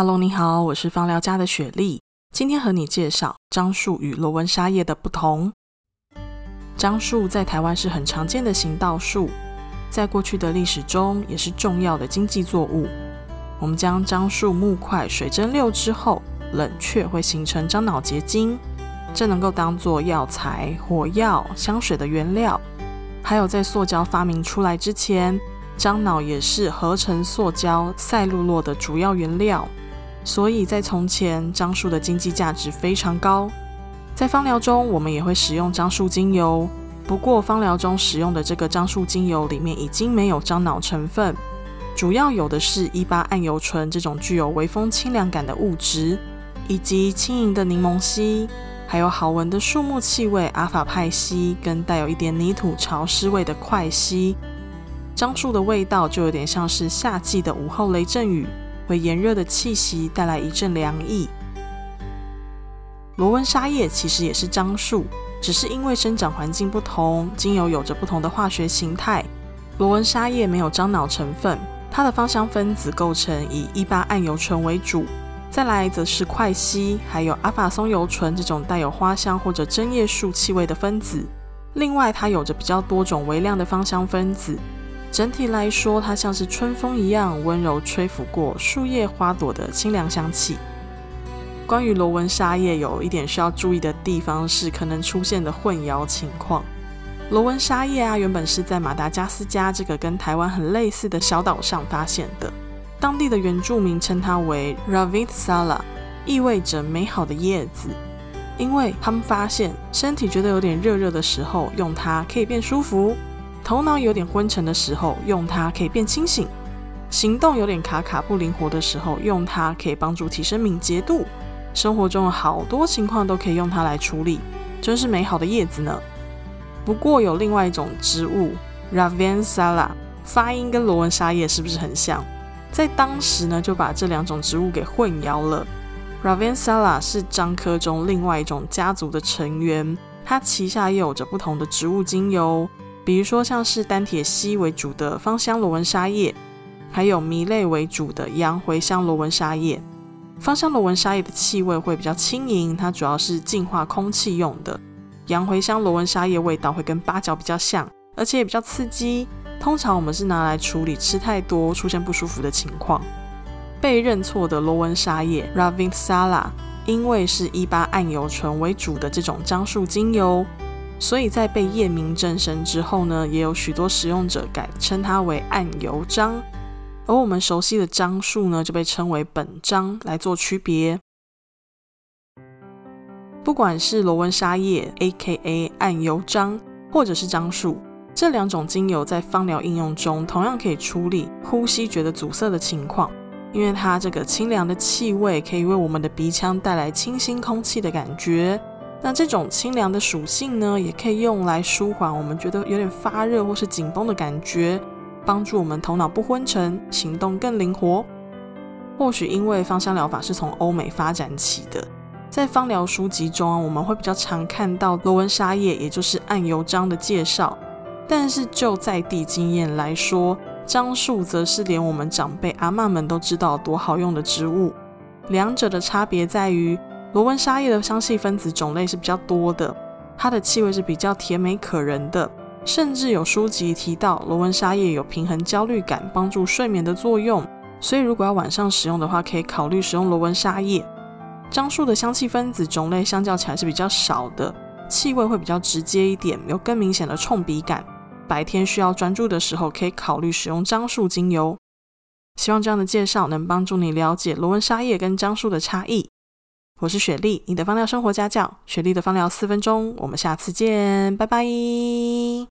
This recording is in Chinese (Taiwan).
哈囉，你好，我是芳療家的雪莉。今天和你介紹樟樹與羅文莎葉的不同。樟樹在台灣是很常見的行道樹，在過去的歷史中也是重要的經濟作物。我們將樟樹木塊水蒸餾之後，冷卻會形成樟腦結晶，這能夠當做藥材、火藥、香水的原料，還有在塑膠發明出來之前，樟腦也是合成塑膠賽璐珞的主要原料。所以在從前，樟樹的經濟價值非常高。在芳療中，我們也會使用樟樹精油。不過，芳療中使用的這個樟樹精油裡面已經沒有樟腦成分，主要有的是 1,8- 桉油醇這種具有微風清涼感的物質，以及輕盈的檸檬烯，還有好聞的樹木氣味——阿法蒎烯，跟帶有一點泥土潮濕味的檜烯。樟樹的味道就有點像是夏季的午後雷陣雨。為炎熱的氣息帶來一陣涼意。羅文莎葉其實也是樟樹，只是因為生長環境不同，精油有着不同的化學形態。羅文莎葉沒有樟腦成分，它的芳香分子構成以 1,8- 桉油醇為主，再來則是檜烯，還有 α- 松油醇這種帶有花香或者針葉樹氣味的分子。另外，它有着比較多種微量的芳香分子。整體來說，它像是春風一樣溫柔吹拂過樹葉、花朵的清涼香氣。關於羅文莎葉，有一點需要注意的地方是可能出現的混淆情況。羅文莎葉啊，原本是在馬達加斯加這個跟台灣很類似的小島上發現的，當地的原住民稱它為 Ravitsala，意味着美好的葉子，因為他們發現身體覺得有點熱熱的時候，用它可以變舒服。頭腦有點昏沉的時候，用它可以變清醒；行動有點卡卡不靈活的時候，用它可以幫助提升敏捷度。生活中好多情況都可以用它來處理，真是美好的葉子呢。不過有另外一種植物，Ravensara，發音跟羅文莎葉是不是很像？在當時呢，就把這兩種植物給混淆了。Ravensara 是樟科中另外一種家族的成員，它旗下也有着不同的植物精油。比如說像是單萜烯為主的芳香羅文莎葉，還有醚類為主的洋茴香羅文莎葉。芳香羅文莎葉的氣味會比較輕盈，它主要是淨化空氣用的。洋茴香羅文莎葉味道會跟八角比較像，而且也比較刺激。通常我們是拿來處理吃太多，出現不舒服的情況。被認錯的羅文莎葉 Ravintsara，因為是 1,8- 桉油醇為主的這種樟樹精油，所以在被驗明正身之後呢，也有許多使用者改稱它為桉油樟，而我們熟悉的樟樹呢，就被稱為本樟來做區別。不管是羅文莎葉 （A.K.A. 桉油樟）或者是樟樹，這兩種精油在芳療應用中同樣可以處理呼吸覺得阻塞的情況，因為它這個清涼的氣味可以為我們的鼻腔帶來清新空氣的感覺。那這種清涼的屬性呢，也可以用來舒緩我們覺得有點發熱或是緊繃的感覺，幫助我們頭腦不昏沉，行動更靈活。或許因為芳香療法是從歐美發展起的，在芳療書籍中啊，我們會比較常看到羅文莎葉，也就是桉油樟的介紹。但是就在地經驗來說，樟樹則是連我們長輩阿嬤們都知道多好用的植物。兩者的差別在於。羅文莎葉的香氣分子種類是比較多的，它的氣味是比較甜美可人的，甚至有書籍提到羅文莎葉有平衡焦慮感、幫助睡眠的作用，所以如果要晚上使用的話，可以考慮使用羅文莎葉。樟樹的香氣分子種類相較起來是比較少的，氣味會比較直接一點，有更明顯的衝鼻感。白天需要專注的時候，可以考慮使用樟樹精油。希望這樣的介紹能幫助你了解羅文莎葉跟樟樹的差異。我是雪莉，你的芳療生活家教。雪莉的芳療四分鐘，我們下次見，拜拜。